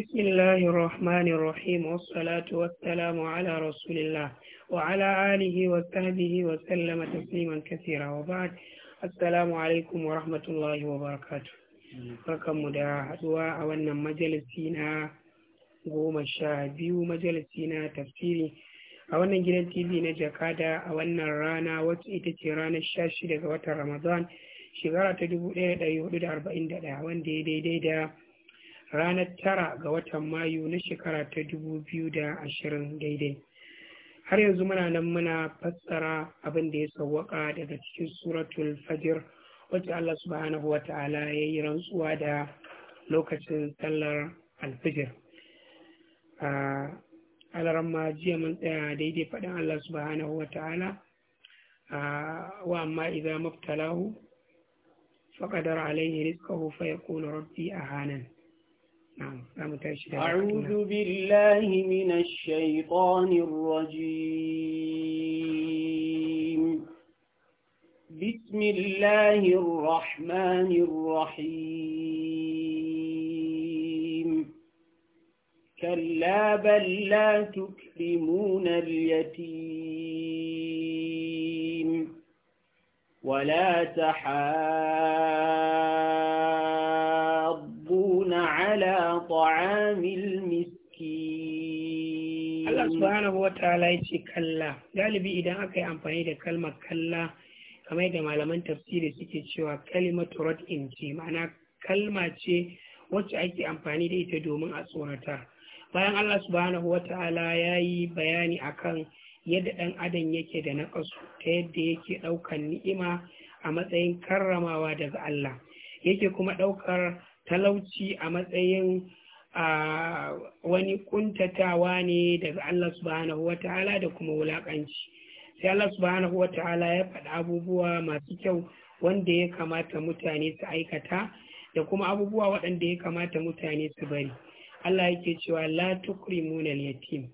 بسم الله الرحمن الرحيم والصلاة والسلام على رسول الله وعلى آله وصحبه وسلم تسليما كثيرا وبعد السلام عليكم ورحمة الله وبركاته barkanmu da haduwa a wannan majalisi na goma sha biyu majalisi na tafsiri a wannan gidan tv na jakada a wannan rana wacce ita ce ranar sha shida ga watan ramadan shekara ta da ɗari hudu da arba'in ya daidai da ranar tara ga watan mayu na shekara ta dubu biyu da ashirin daidai har yanzu muna nan muna fassara abin da ya sauwaka daga cikin suratul fajr wacce Allah subhanahu wa ta'ala ya yi rantsuwa da lokacin sallar alfijir alaran ma jiya mun tsaya daidai faɗin Allah subhanahu wa ta'ala wa amma idza maftalahu faƙadar alaihi rizqahu fa yaqulu rabbi ahanan نعم، أعوذ بالله من الشيطان الرجيم بسم الله الرحمن الرحيم كلا بل لا تكرمون اليتيم ولا تحاضون على طعام المسكين الله سبحانه wataala يشي كلا kalla بي idan aka yi amfani da كلا kalla kamar yadda malaman tafsiri suke cewa kalimatu rad'in ce ma'ana kalma ce wacce ake amfani da ita domin a tsorata bayan Allah subhanahu ta'ala ya yi bayani akan yadda ɗan adam yake da ƙasu ta yadda yake ɗaukar ni'ima a matsayin karramawa daga Allah yake kuma ɗaukar talauci a matsayin wani kuntatawa ne daga Allah subhanahu wa ta'ala da kuma wulakanci sai Allah subhanahu wa ta'ala ya faɗi abubuwa masu kyau wanda ya kamata mutane su aikata da kuma abubuwa waɗanda ya kamata mutane su bari Allah yake cewa la tukrimuna yatim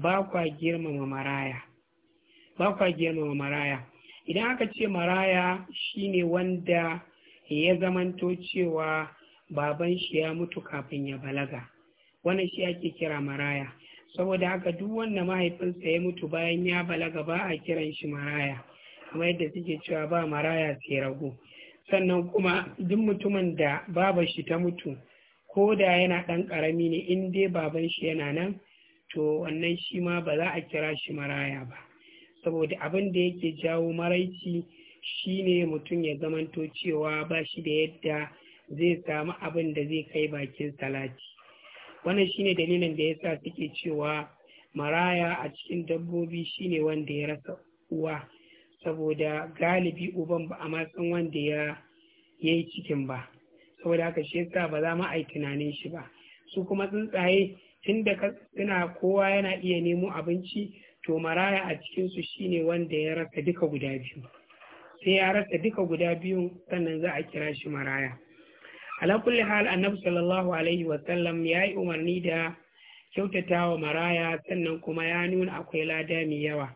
ba kwa girmama maraya ba kwa girmama maraya idan aka ce maraya shine wanda ya zamanto cewa baban shi ya mutu kafin ya balaga wannan shi ake kira maraya saboda haka duk wanda mahaifinsa ya mutu bayan ya balaga ba a kiran shi maraya kamar yadda suke cewa ba maraya sai rago sannan kuma duk mutumin da baba shi ta mutu ko da yana ɗan ƙarami ne in dai baban shi yana nan to wannan shi ma ba za a kira shi maraya ba saboda abin da yake jawo maraici shine mutum ya zamanto cewa ba shi da yadda zai samu abin da zai kai bakin salati wannan shine dalilin da yasa suke cewa maraya a cikin dabbobi shine wanda ya rasa uwa saboda galibi uban ba a matsan wanda ya yi cikin ba saboda haka shi yasa ba za mu yi tunanin shi ba su kuma tsuntsaye Tun da suna kowa yana iya nemo abinci to maraya a cikinsu shine wanda ya rasa duka guda biyu sai ya rasa duka guda biyu sannan za a kira shi maraya ala kulli hal annabi sallallahu alaihi wa ya yi umarni da kyautatawa maraya sannan kuma ya nuna akwai lada mai yawa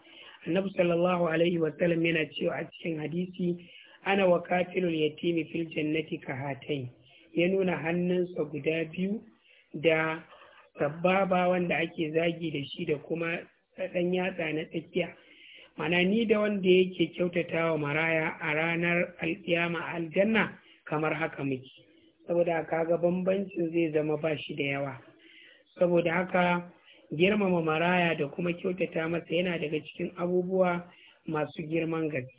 annabi sallallahu alaihi sallam yana cewa a cikin hadisi ana wa yatimi fil jannati ka hatai ya nuna hannunsa guda biyu da sababa wanda ake zagi da shi da kuma ɗan yatsa na tsakiya mana ni da wanda yake kyautatawa maraya a ranar alƙiyama aljanna kamar haka muke saboda kaga bambancin zai zama ba shi da yawa saboda haka girmama maraya da kuma kyautata masa yana daga cikin abubuwa masu girman gaske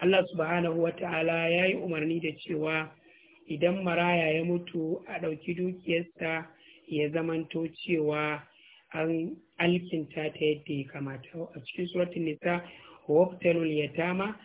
Allah subhanahu wata'ala ta'ala ya yi umarni da cewa idan maraya ya mutu a ɗauki dukiyarsa ya zamanto cewa an alkinta ta yadda ya kamata a cikin suratun nisa wabtalul yatama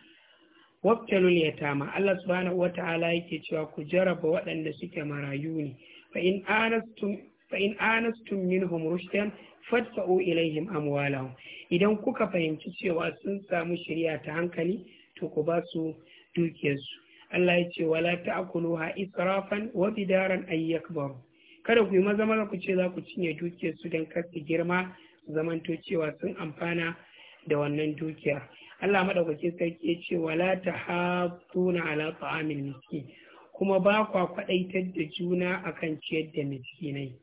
wabtalul yatama Allah subhanahu wata'ala yake cewa ku jaraba waɗanda suke marayu ne fa in anastum fa in anastum minhum rushdan fadfa'u ilaihim amwalahum idan kuka fahimci cewa sun samu shari'a ta hankali to ku ba su dukiyarsu Allah ya ce wala ta'kuluha israfan wa bidaran ay yakbar kada ku yi maza maza ku ce za ku cinye dukiyarsu dan kar su girma zamanto cewa sun amfana da wannan dukiyar. Allah madaukake sarki ya ce wala ta tahabuna ala ta'amil miski. kuma ba kwa da juna akan ciyar da miskinai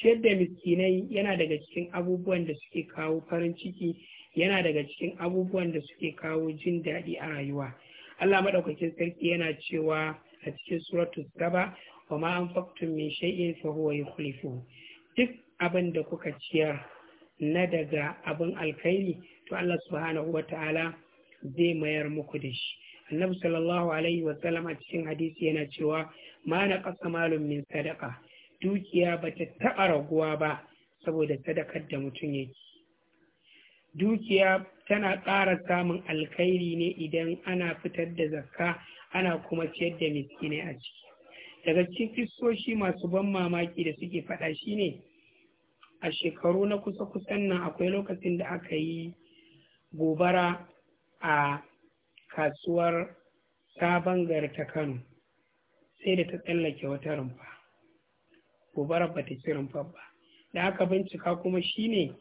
ciyar da miskinai yana daga cikin abubuwan da suke kawo farin ciki yana daga cikin abubuwan da suke kawo jin daɗi a rayuwa Allah madaukakin sarki yana cewa a cikin suratul saba wa ma anfaqtum min shay'in fa huwa yukhlifu duk abin da kuka ciyar na daga abin alkhairi to Allah subhanahu wa ta'ala zai mayar muku da shi annabi sallallahu alaihi wa sallam a cikin hadisi yana cewa ma na qasa malum min sadaqa dukiya ba ta taɓa raguwa ba saboda sadakar da mutum yake dukiya tana ƙara samun alkhairi ne idan ana fitar da zakka ana kuma ciyar da miskinai a ciki daga cikin kistoshi masu ban mamaki da suke faɗa shine a shekaru na kusa-kusan nan akwai lokacin da aka yi gobara a kasuwar sabon gari ta kano sai da ta tsallake wata rumfa gobara ba ta ci rumfa ba da aka bincika kuma shi ne,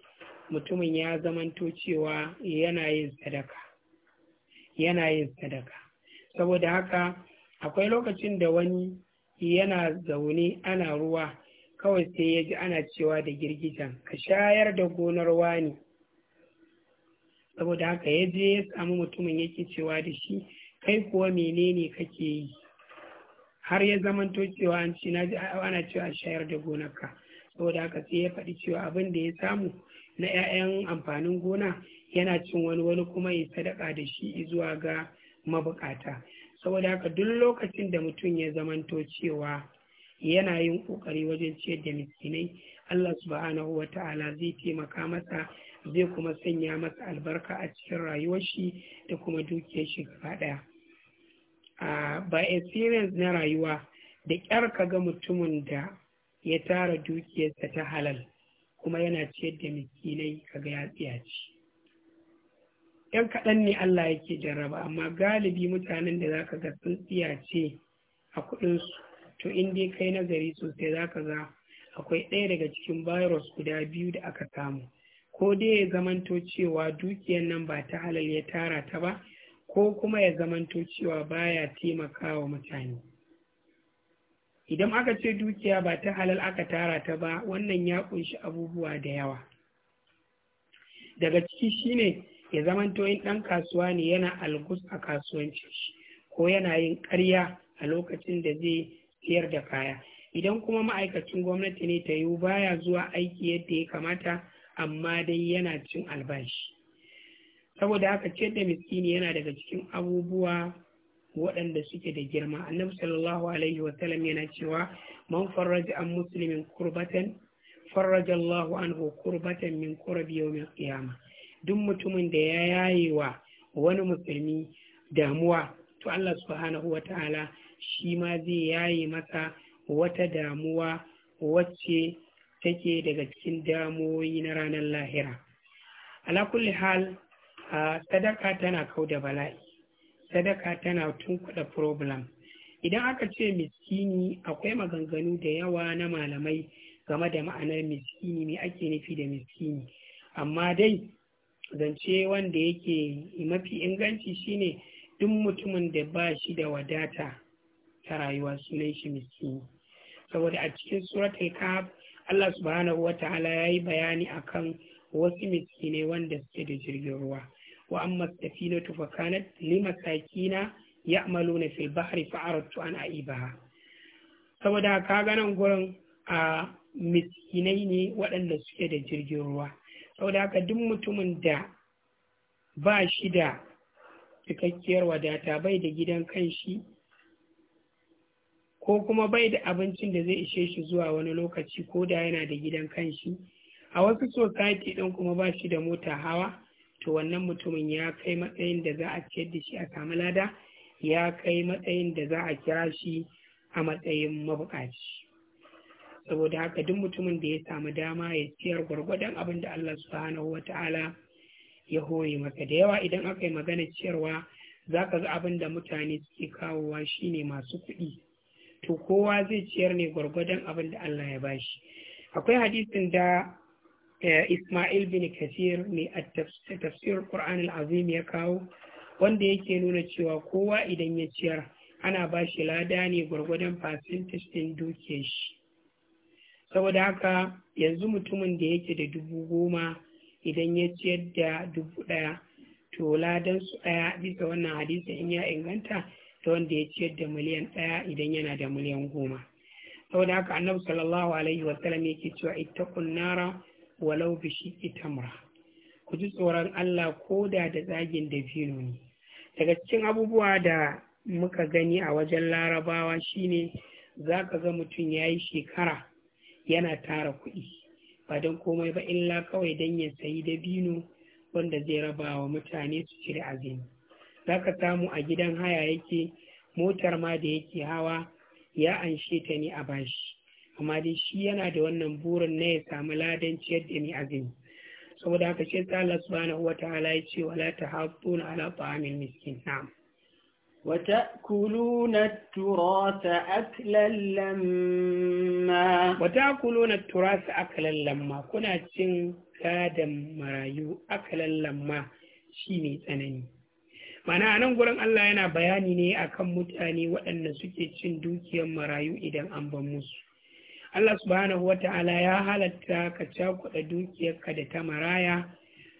mutumin ya zamanto cewa yana yin sadaka yana yin sadaka saboda haka akwai lokacin da wani yana zaune ana ruwa kawai sai ya ji ana cewa da girgijan ka shayar da gonar wani saboda haka ya je ya samu mutumin yake cewa da shi kai kuwa menene kake yi har ya zamanto cewa an ci na ana cewa a shayar da gonarka saboda haka sai ya faɗi cewa abin da ya samu na 'ya'yan amfanin gona yana cin wani wani kuma ya sadaka da shi zuwa ga mabukata saboda haka duk lokacin da mutum ya zamanto cewa yana yin kokari wajen ciyar da miskinai Allah subhanahu wa ta'ala zai taimaka masa zai kuma sanya masa albarka a cikin rayuwar shi da kuma dukiyar shi gaba ɗaya ba experience na rayuwa da ƙyar ka ga mutumin da ya tara dukiyarsa ta halal kuma yana ciyar da miskinai kaga ya tsiyaci ‘yan kaɗan ne Allah yake jarraba amma galibi mutanen da za ka ga sun tsiyace a kuɗinsu to in dai kai nagari sosai za ka ga akwai ɗaya daga cikin virus guda biyu da aka samu ko dai ya zamanto cewa dukiyar nan ba ta halal ya tara ta ba ko kuma ya zamanto cewa baya taimakawa mutane idan aka ce dukiya ba ta halal aka tara ta ba wannan ya kunshi abubuwa da yawa daga ciki shine ya zamanto in ɗan kasuwa ne yana algus a kasuwanci ko yana yin ƙarya a lokacin da zai siyar da kaya idan kuma ma'aikacin gwamnati ne ta yiwu baya zuwa aiki yadda ya kamata amma dai yana cin albashi saboda haka ce da miskini yana daga cikin abubuwa waɗanda suke da girma annabi sallallahu alaihi wa sallam yana cewa man farraja an muslimin kurbatan farraja Allahu anhu kurbatan min kurbi yawmin qiyama duk mutumin da ya yaye wa wani musulmi damuwa to Allah subhanahu wata'ala shi ma zai yaye masa wata damuwa wacce take daga cikin damoyi na ranar lahira ala kulli hal sadaka tana kau da bala'i sadaka tana tunkuɗa problem idan aka ce miskini akwai maganganu da yawa na malamai game da ma'anar miskini mai ake nufi da miskini amma dai zance wanda yake mafi inganci shine duk mutumin da ba shi da wadata ta rayuwa sunan shi miskini saboda a cikin suratul kaf Allah subhanahu wa ta'ala ya yi bayani akan wasu miskinai wanda suke da jirgin ruwa wa amma safinatu fa kanat limasakina na fil bahri fa aradtu an Ibaha. saboda ka ga nan gurin a miskinai ne waɗanda suke da jirgin ruwa saboda haka duk mutumin da ba shi da cikakkiyar wadata bai da gidan kanshi ko kuma bai da abincin da zai ishe shi zuwa wani lokaci ko da yana da gidan kanshi a wasu society ɗin kuma ba shi da mota hawa to wannan mutumin ya kai matsayin da za a ciyar da shi a samu lada ya kai matsayin da za a kira shi a matsayin mabukaci saboda haka duk mutumin da ya samu dama ya ciyar gwargwadon abin da Allah subhanahu Ta'ala ya hore maka da yawa idan aka yi magana ciyarwa za ka ga abin da mutane suke kawowa shine masu kuɗi to kowa zai ciyar ne gwargwadon abin da Allah ya bashi akwai hadisin da eh, Ismail bin Kathir ne a tafsir Qur'an al ya kawo wanda yake nuna cewa kowa idan ya ciyar ana ba shi lada ne gwargwadon percentage din dukiyar shi saboda haka yanzu mutumin da yake da dubu goma idan ya ciyar da dubu ɗaya to ladan su ɗaya bisa wannan hadisi in ya inganta ta wanda ya ciyar da miliyan ɗaya idan yana da miliyan goma saboda haka annabi sallallahu alaihi wasallam yake cewa ittaqun nara walau bi shiqqi tamra ku ji tsoron Allah ko da da tsagin da ne daga cikin abubuwa da muka gani a wajen larabawa shine za ka ga mutum ya yi shekara yana tara kuɗi ba don komai ba illa kawai don ya sayi dabino wanda zai rabawa mutane su cire azumi za ka samu a gidan haya yake motar ma da yake hawa ya anshe ta ni a bashi amma dai shi yana da wannan burin na ya samu ladan ciyar da ni azumi saboda haka shi ta Allah subhanahu wa ta'ala ya ce wala tahabbuna ala ta'amil miskin na'am وتأكلون التراث أكلا لما وتأكلون التراث أكلا لما cin تشين marayu? مرايو أكلا لما شيني tsanani mana a nan gurin Allah yana bayani ne akan mutane waɗanda suke cin dukiyar marayu idan an ban musu Allah subhanahu wa ta'ala ya halatta ka cakuɗa dukiyarka da ta maraya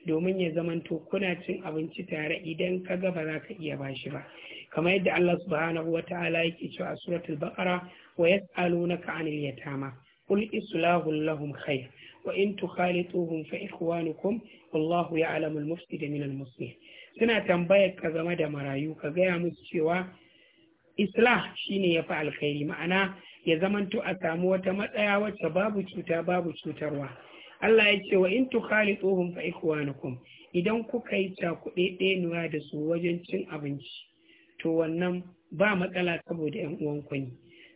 domin ya zamanto kuna cin abinci tare idan ka ga ba za ka iya bashi ba kamar yadda Allah subhanahu wa ta'ala yake cewa a suratul baqara wa yas'alunaka 'anil yatama qul islahu lahum khair wa in tukhalituhum fa ikhwanukum wallahu ya'lamu al-mufsida min al-muslih suna tambayar ka game da marayu ka gaya musu cewa islah shine ya fi alkhairi ma'ana ya zamanto a samu wata matsaya wacce babu cuta babu cutarwa Allah ya ce wa in tsohon fa ikhwanukum idan kuka yi cakuɗe ɗenuwa da su wajen cin abinci to wannan ba matsala saboda 'yan uwanku ne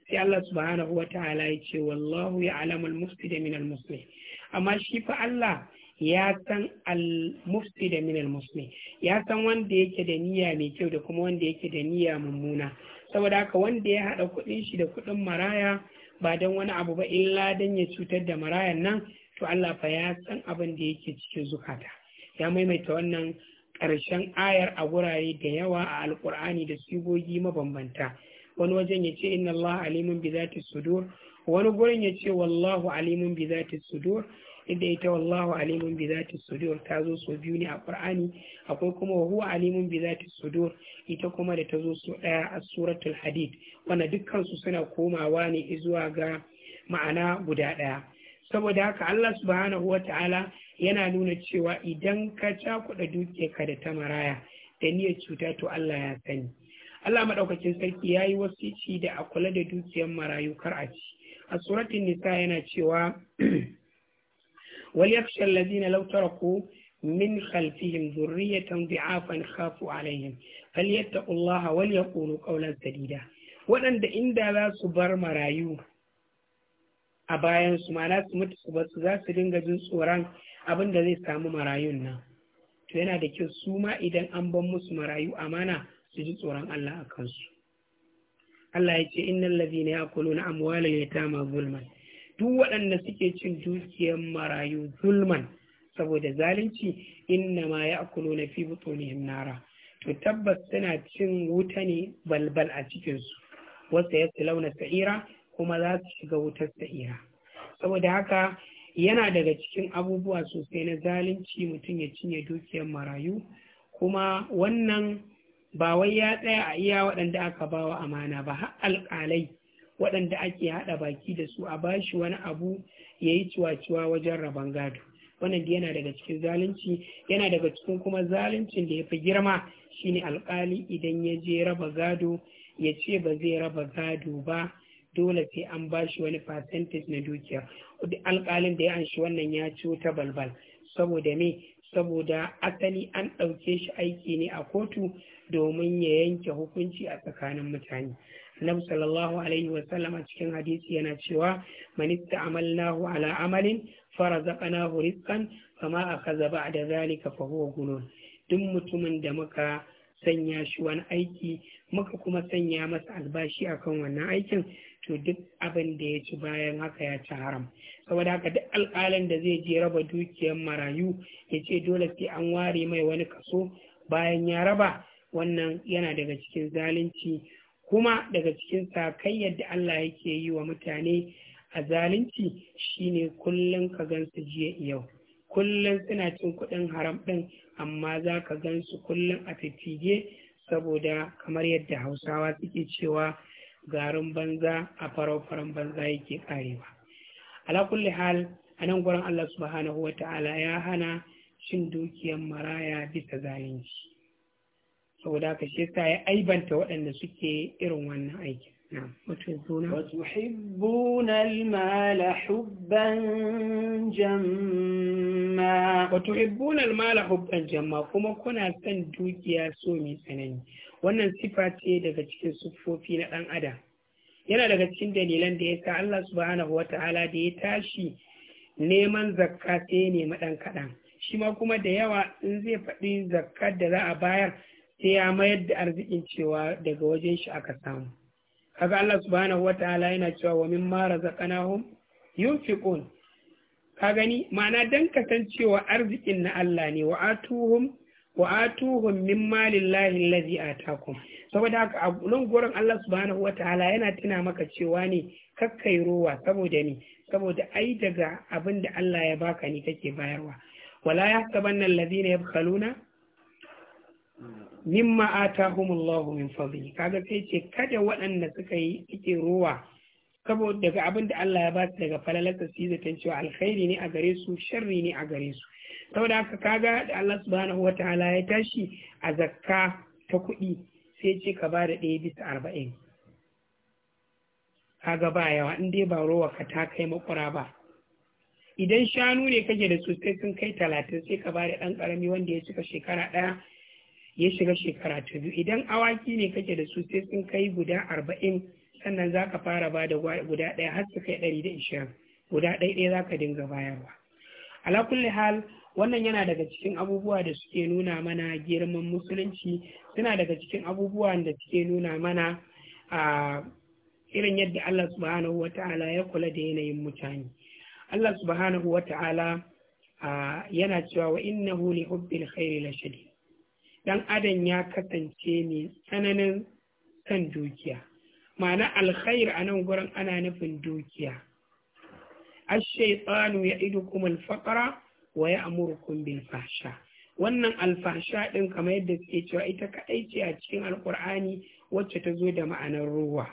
sai Allah subhanahu wa ta'ala ya ce wallahu ya'lamu al-mufsida min al-muslih amma shi fa Allah ya san al-mufti da minal musulmi ya san wanda yake da niyya mai kyau da kuma wanda yake da niyya mummuna saboda haka wanda ya haɗa kuɗin shi da kuɗin maraya ba don wani abu ba illa don ya cutar da marayan nan to Allah fa ya san abin da yake cikin zukata ya maimaita wannan ƙarshen ayar a wurare da yawa a alƙur'ani da sigogi mabambanta wani wajen ya ce inna Allah alimun bi zati sudur wani gurin ya ce wallahu alimun bi zati sudur inda ita wallahu alimun bi zati sudur ta zo so biyu ne a qur'ani akwai kuma wa huwa alimun bi zati sudur ita kuma da ta zo so daya a suratul hadid wanda dukkan su suna komawa ne zuwa ga ma'ana guda daya saboda haka Allah subhanahu wata'ala yana nuna cewa idan ka cakuɗa dukiyarka da ta maraya da niyyar cuta to Allah ya sani Allah madaukakin sarki yayi wasici da a kula da dukiyar marayu kar a ci a suratul nisa yana cewa وليخشى الذين لو تركوا من خلفهم ذرية ضعافا خافوا عليهم فليتقوا الله وليقولوا قولا سديدا waɗanda inda za su bar marayu a bayansu, su su mutu su basu za su dinga jin tsoron abinda zai samu marayun nan to yana da kyau su ma idan an ban musu marayu amana su ji tsoron Allah a kansu Allah ya ce innal ladhina yaquluna amwalal yatama zulman duk waɗanda suke cin dukiyar marayu zulman saboda zalunci inna ma ya akulo na fi ne nara to tabbas suna cin wuta ne balbal a cikinsu wasu ya launa sa'ira kuma za su shiga wutar sa'ira saboda haka yana daga cikin abubuwa sosai na zalunci mutum ya cinye dukiyar marayu kuma wannan ba wai ya tsaya a iya waɗanda aka bawa amana ba har alƙalai waɗanda ake haɗa baki da su a bashi wani abu ya yi ciwa-ciwa wajen rabon gado wannan yana daga cikin zalunci yana daga cikin kuma zaluncin da ya fi girma Shi ne alƙali idan ya je raba gado ya ce ba zai raba gado ba dole sai an bashi wani percentage na dukiya Alƙalin da ya anshi wannan ya ci ta balbal saboda me saboda asali an ɗauke shi aiki ne a kotu domin ya yanke hukunci a tsakanin mutane annabi sallallahu alaihi wa a cikin hadisi yana cewa man ista'malnahu ala amalin farazaqnahu rizqan a akaza ba'da zalika fa huwa gunun duk mutumin da muka sanya shi wani aiki muka kuma sanya masa albashi akan wannan aikin to duk abin da ya ci bayan haka ya ci haram saboda haka duk alƙalin da zai je raba dukiyar marayu ya ce dole sai an ware mai wani kaso bayan ya raba wannan yana daga cikin zalunci kuma daga cikin sakai yadda Allah yake yi wa mutane a zalunci shine kullum ka gansu jiya yau kullum suna cin kuɗin haram ɗin amma za ka gansu kullum a fitige saboda kamar yadda hausawa suke cewa garin banza a farau banza yake karewa ala kulli hal a nan gurin Allah subhanahu wa ta'ala ya hana cin dukiyar maraya bisa zalunci saboda haka shi yasa ya aibanta waɗanda suke irin wannan aiki وتحبون المال حبا جما وتحبون المال حبا kuma kuna son dukiya so mai tsanani wannan sifa ce daga cikin siffofi na ɗan adam yana daga cikin dalilan da ya sa Allah subhanahu Ta'ala da ya tashi neman zakka sai ya nemi ɗan kaɗan shi ma kuma da yawa in zai faɗi zakkar da za a bayar sai ya mayar da arzikin cewa daga wajen shi aka samu kaga Allah subhanahu wataala yana cewa wa mara mimma razaqnahum yunfiqun ka gani ma'ana dan kasancewa arzikin na Allah ne wa atuhum wa atuhum min malillahi allazi atakum saboda haka a nan gurin Allah subhanahu wataala yana tuna maka cewa ne kakkai ruwa, saboda ni saboda ai daga abin da Allah ya baka ne kake bayarwa wala yahsabanna allazina yabkhaluna mimma atahumullahu min fadli kaga sai ce kada waɗanda suka yi ike ruwa saboda daga abin da Allah ya ba su daga falalarsa su yi cewa alkhairi ne a gare su sharri ne a gare su saboda haka kaga da Allah subhanahu wataala ya tashi a zakka ta kuɗi sai ce ka ba da ɗaya bisa arba'in kaga ba yawa in dai ba rowa ka ta kai makura ba idan shanu ne kake da su sai sun kai talatin sai ka ba da ɗan ƙarami wanda ya cika shekara ɗaya ya shiga shekara ta biyu idan awaki ne kake da su sai sun kai guda arba'in sannan za ka fara ba da guda ɗaya har su kai ɗari da ishirin guda ɗaya ɗaya za ka dinga bayarwa ala kulli hal wannan yana daga cikin abubuwa da suke nuna mana girman musulunci suna daga cikin abubuwan da suke nuna mana a irin yadda Allah subhanahu wa ta'ala ya kula da yanayin mutane Allah subhanahu wa ta'ala yana cewa wa innahu li hubbil khairi la shadid dan adam ya kasance ne tsananin kan dukiya ma'ana alkhair a nan gurin ana nufin dukiya ash-shaytanu ya'idukum al-faqra wa ya'murukum bil fahsha wannan alfasha din kamar yadda suke cewa ita ka ce a cikin alkur'ani wacce ta zo da ma'anar ruwa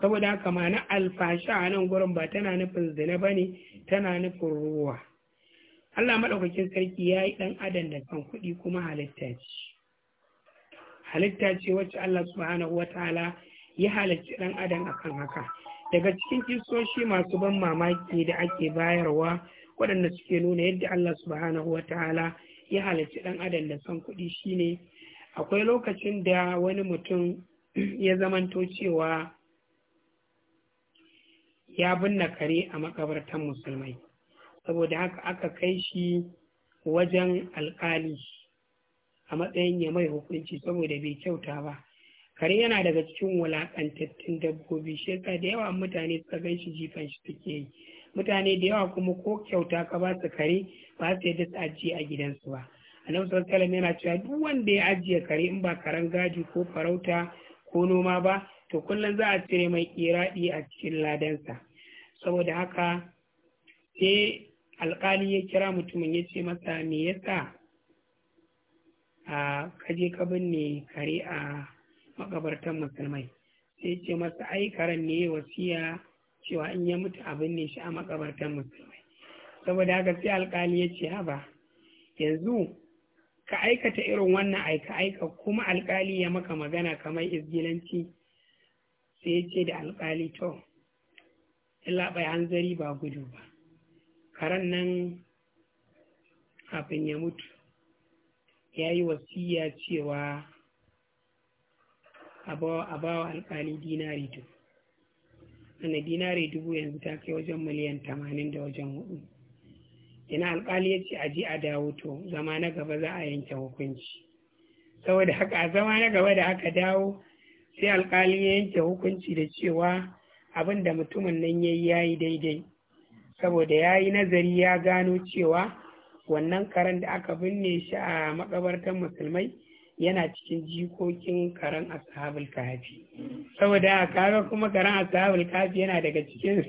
saboda haka ma'ana alfasha a nan gurin ba tana nufin zina ba ne tana nufin ruwa Allah maɗaukakin sarki ya yi ɗan adam da kan kuɗi kuma halitta ce halitta ce wacce Allah subhanahu wa ta'ala ya halarci ɗan adam akan haka daga cikin kisoshi masu ban mamaki da ake bayarwa waɗanda suke nuna yadda Allah subhanahu wa ta'ala ya halarci ɗan adam da son kuɗi shine akwai lokacin da wani mutum ya zamanto cewa ya binne kare a makabartan musulmai saboda haka aka kai shi wajen alƙali a matsayin ya mai hukunci saboda bai kyauta ba kare yana daga cikin wulakantattun dabbobi shi da yawa mutane suka gan shi jifan shi suke yi mutane da yawa kuma ko kyauta ka ba su kare ba su yadda su ajiye a gidansu ba annabi sallallahu alaihi yana cewa duk wanda ya ajiye kare in ba karen gaji ko farauta ko noma ba to kullum za a cire mai kiradi a cikin ladansa saboda haka sai alkali ya kira mutumin ya ce masa me yasa a kaje ka binne kare a makabartan musulmai sai ce masa ai karen ne wasiya cewa in ya mutu a binne shi a makabartan musulmai saboda haka sai alkali ya ce haba yanzu ka aikata irin wannan aika aika kuma alkali ya maka magana kamar izgilanci sai ya ce da alkali to illa bai hanzari ba gudu ba karen nan kafin ya mutu ya yi wasiya cewa a ba wa alkali dinari dubu wanda dinari dubu yanzu ta kai wajen miliyan tamanin da wajen hudu ina alƙali ya ce ji a dawo to zama na gaba za a yanke hukunci saboda haka a zama na gaba da aka dawo sai alƙali ya yanke hukunci da cewa abinda mutumin nan ya yi ya yi daidai saboda ya yi nazari ya gano cewa wannan karen da aka binne shi a makabartar musulmai yana cikin jikokin karen ashabul kafi saboda kaga kuma karen ashabul kafi yana daga cikin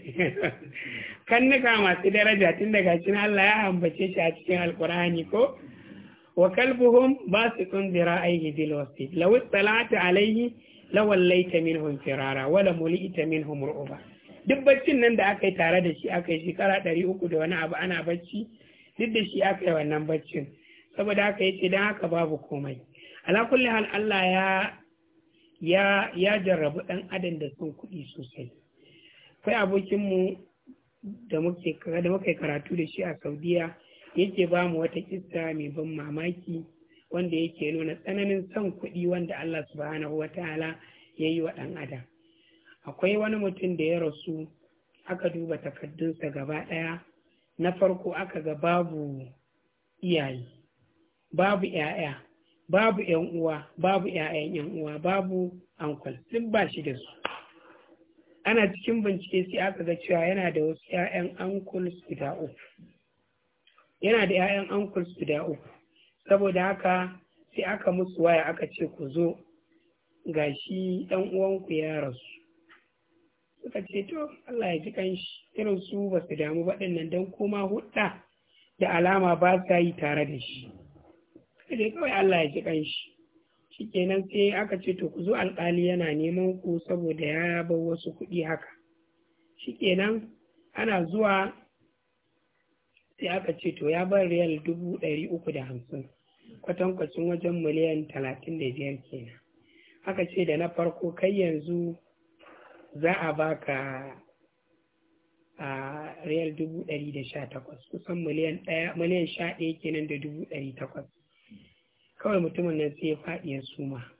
kannuka masu daraja tun daga cikin Allah ya ambace shi a cikin alkur'ani ko wa kalbuhum basiqun bi ra'ayhi bil wasit law salatu alayhi Laita minhum firara wala mulita minhum ru'ba duk baccin nan da aka yi tare da shi aka yi shekara ɗari uku da wani abu ana bacci duk da shi aka yi wannan baccin saboda haka yace dan haka babu komai ala kulli hal Allah ya ya ya jarrabu dan adam da son kuɗi sosai kai abokin mu da muke da muke karatu da shi a Saudiya yake ba mu wata kissa mai ban mamaki wanda yake nuna tsananin son kuɗi wanda Allah subhanahu wataala ya yi wa ɗan adam akwai wani mutum da ya rasu aka duba takaddunsa gaba ɗaya na farko aka ga babu iyaye babu 'ya'ya babu 'yan uwa babu 'ya'yan 'yan uwa babu ankwal duk ba shi da su ana cikin bincike sai aka ga cewa yana da wasu 'ya'yan ankul guda uku yana da 'ya'yan ankul guda uku saboda haka sai aka musu waya aka ce ku zo ga shi 'yan uwanku ya rasu suka ce to Allah ya ji kanshi irin su ba su damu nan don koma hudda da alama ba sa yi tare da shi sai kawai Allah ya ji kanshi shikenan sai aka ce to ku zo alƙali yana neman ku saboda ya bar wasu kuɗi haka shikenan ana zuwa sai aka ce to ya bar riyal dubu ɗari uku da hamsin kwatankwacin wajen miliyan talatin da biyar kenan aka ce da na farko kai yanzu za a baka a riyal dubu ɗari da sha takwas kusan miliyan ɗaya sha ɗaya kenan da dubu ɗari takwas kawai mutumin nan sai ya faɗi ya suma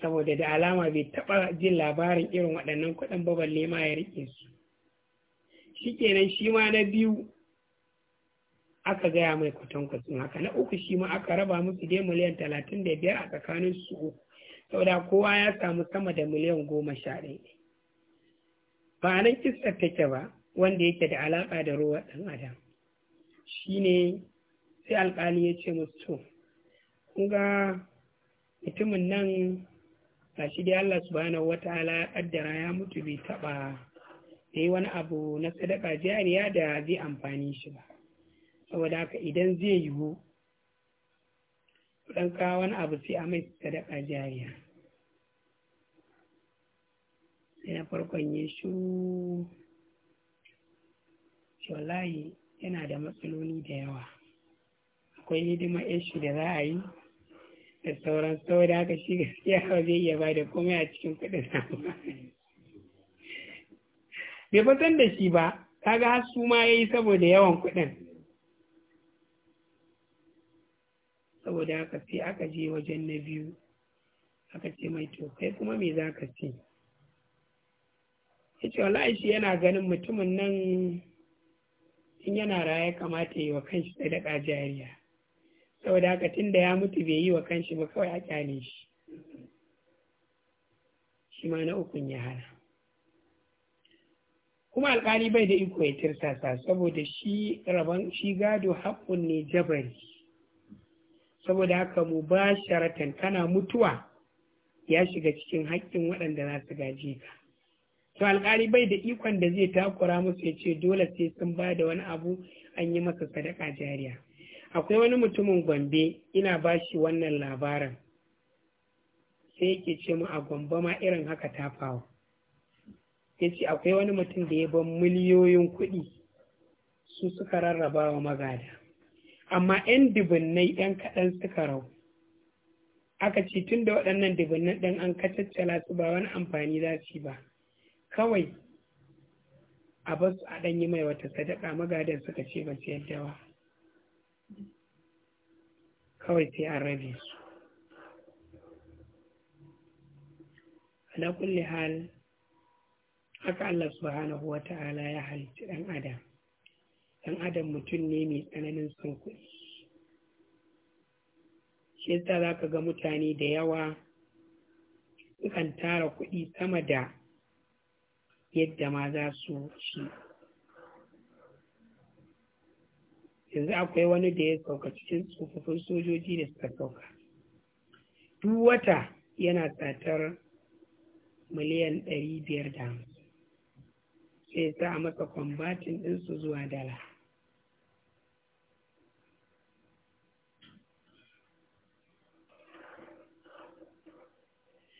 saboda da alama bai taɓa jin labarin irin waɗannan kuɗin ba balle ma ya riƙe su shi kenan shi ma na biyu aka gaya mai kwatankwacin haka na uku shi ma aka raba musu dai miliyan talatin da biyar a tsakanin su uku saboda kowa ya samu sama da miliyan goma sha ɗaya ba nan kissar take ba wanda yake da alaƙa da ruwa ɗan adam Shi ne sai alƙali ya ce musu kun ga mutumin nan ga shi dai Allah subhanahu wataala ƙaddara ya mutu bai taɓa da yi wani abu na sadaka jariya da zai amfani shi ba saboda haka idan zai yiwu ɗan ka wani abu sai a mai sadaka jariya Yana na farkon ya shuru wallahi yana da matsaloli da yawa akwai hidima shi da za a yi da sauran saboda haka shi gaskiya ba zai iya ba da komai a cikin kuɗin bai fasan da shi ba Ta ga su ma yi saboda yawan kuɗin saboda haka sai aka je wajen na biyu aka ce mai to kuma me za ka ce ya ce wallahi yana ganin mutumin nan in yana raye kamata yi wa kanshi sadaka jariya saboda haka tun da ya mutu bai yi wa kanshi ba kawai a kyane shi shi ma na ukun ya hana kuma alkali bai da iko ya tirsasa saboda shi rabon shi gado haƙƙun ne jabari saboda haka mu ba sharatan kana mutuwa ya shiga cikin haƙƙin waɗanda za su gaje ka to alƙali bai da ikon da zai takura musu ya ce dole sai sun ba da wani abu an yi masa sadaka jariya akwai wani mutumin gombe ina ba shi wannan labarin sai yake ce mu a gombe ma irin haka ta fawo ya ce akwai wani mutum da ya ban miliyoyin kuɗi su suka rarraba wa magada amma 'yan dubunnai 'yan kaɗan suka rau aka ce tun da waɗannan dubunnan ɗan an kacaccala su ba wani amfani za su yi ba kawai a basu a yi mai wata sadaka magadan suka ce ba su yadda ba kawai sai an rabe su ala kulli hal haka Allah subhanahu wa ta'ala ya halitta ɗan adam ɗan adam mutum ne mai tsananin sun kuɗi shi yasa za ka ga mutane da yawa sukan tara kuɗi sama da yadda ma za su ci yanzu akwai wani da ya sauka cikin tsofaffin sojoji da suka sauka duk wata yana tsatar miliyan ɗari biyar da hamsin sai sa a masa kwambatin ɗinsu zuwa dala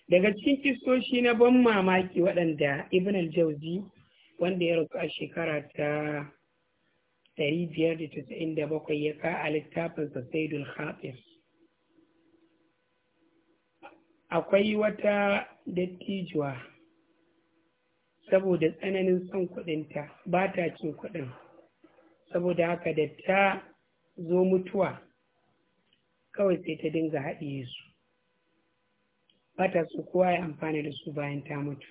daga cikin kistoshi na ban mamaki waɗanda ibn al-jauzi wanda ya rasu a shekara ta 597 ya ka a littafin saidul khatir akwai wata dattijuwa saboda tsananin son kuɗinta ba ta cin kuɗin saboda haka da ta zo mutuwa kawai sai ta dinga haɗiye su bata su kowa ya amfani da su bayan ta mutu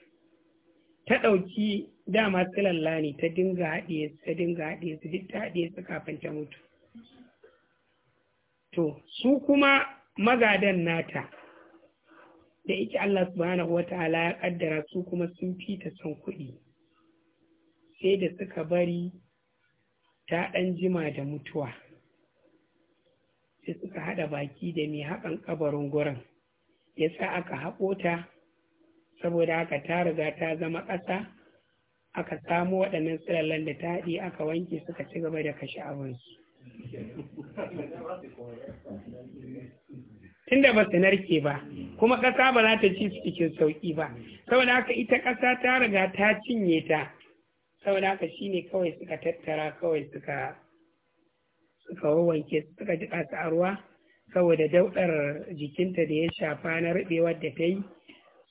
ta ɗauki dama silalla ne ta dinga haɗe su ta dinga haɗe su duk ta haɗe su kafin ta mutu to su kuma magadan nata da ike Allah subhanahu wa ta'ala ya ƙaddara su kuma sun fi ta son kuɗi sai da suka bari ta ɗan jima da mutuwa sai suka haɗa baki da mai haƙan ƙabarin gurin ya sa aka haƙo ta saboda haka ta riga ta zama ƙasa aka samo waɗannan tsirallan da ta haɗi aka wanke suka ci gaba da kashe abinsu tunda ba su narke ba kuma ƙasa ba za ta ci su cikin sauƙi ba saboda haka ita ƙasa ta riga ta cinye ta saboda haka shine kawai suka tattara kawai suka suka jiƙa su a ruwa saboda daudar jikinta da ya shafa na rubewar da ta yi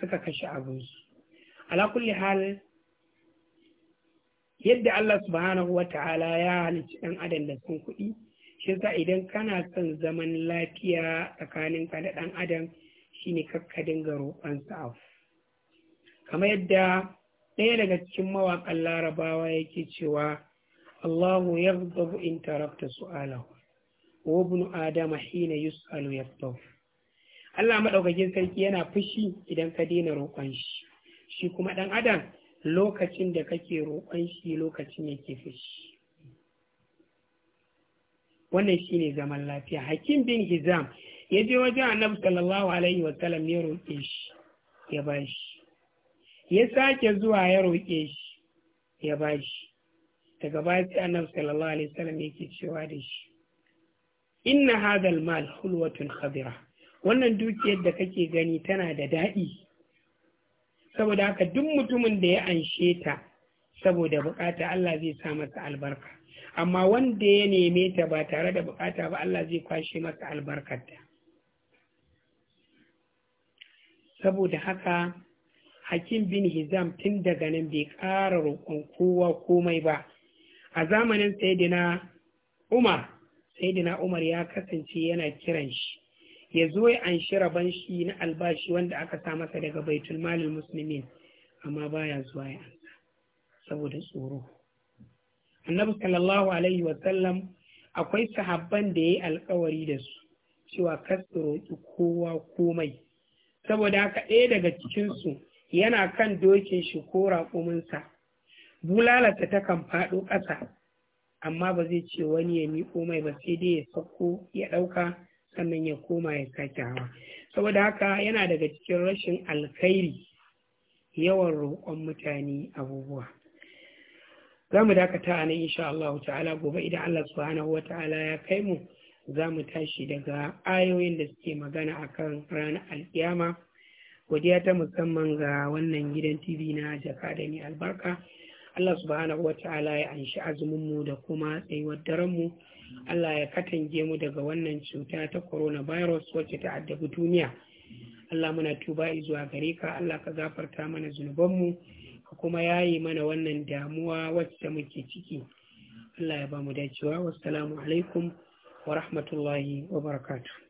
suka kashe abinsu ala kulli hal yadda Allah subhanahu ta'ala ya halicci ɗan adam da sun kuɗi shi sa idan kana son zaman lafiya tsakaninka da ɗan adam shine kakkadin dinga roƙonsa abu kamar yadda ɗaya daga cikin mawaƙan larabawa yake cewa Allahu ya in tarafta su'alahu wa ibnu adama hina yus'alu yastaw Allah madaukakin sarki yana fushi idan ka daina roƙon shi shi kuma dan adam lokacin da kake roƙon shi lokacin yake fushi wannan shine zaman lafiya hakim bin hizam ya je wajen annabi sallallahu alaihi wa sallam ya roƙe shi ya bashi ya sake zuwa ya roƙe shi ya bashi daga baya sai annabi sallallahu alaihi wa sallam yake cewa da shi inna hadal mal hulwatun khadira wannan dukiyar da kake gani tana da daɗi saboda haka duk mutumin da ya anshe ta saboda bukata Allah zai sa masa albarka amma wanda ya neme ta ba tare da bukata ba Allah zai kwashe masa ta. saboda haka hakim bin hizam tun daga nan bai ƙara roƙon kowa komai ba a zamanin sayyidina umar sai na Umar ya kasance yana kiran shi ya zo ya anshi rabon shi na albashi wanda aka sa masa daga baitul malil muslimin amma baya zuwa ya ansa saboda tsoro annabi sallallahu alaihi wa sallam akwai sahabban da yayi alkawari da su cewa kar su roƙi kowa komai saboda haka ɗaya daga cikin su yana kan dokin shi ko raƙuminsa bulalarsa takan faɗo ƙasa amma ba zai ce wani ya miƙo mai ba sai dai ya sauko ya ɗauka sannan ya koma ya sake hawa saboda haka yana daga cikin rashin alkhairi yawan roƙon mutane abubuwa za mu dakata a nan insha Allah ta'ala gobe idan Allah subhanahu wa ta'ala ya kai mu za mu tashi daga ayoyin da suke magana akan ranar alkiyama godiya ta musamman ga wannan gidan tv na jakadani albarka Allah subhanahu wata'ala ya anshi azuminmu da kuma tsayuwar daranmu Allah ya katange mu daga wannan cuta ta corona virus wacce ta addabi duniya Allah muna tuba zuwa gare ka Allah ka gafarta mana zunubanmu ka kuma yayi mana wannan damuwa wacce muke ciki Allah ya ba mu dacewa wassalamu alaikum wa rahmatullahi wa barakatuh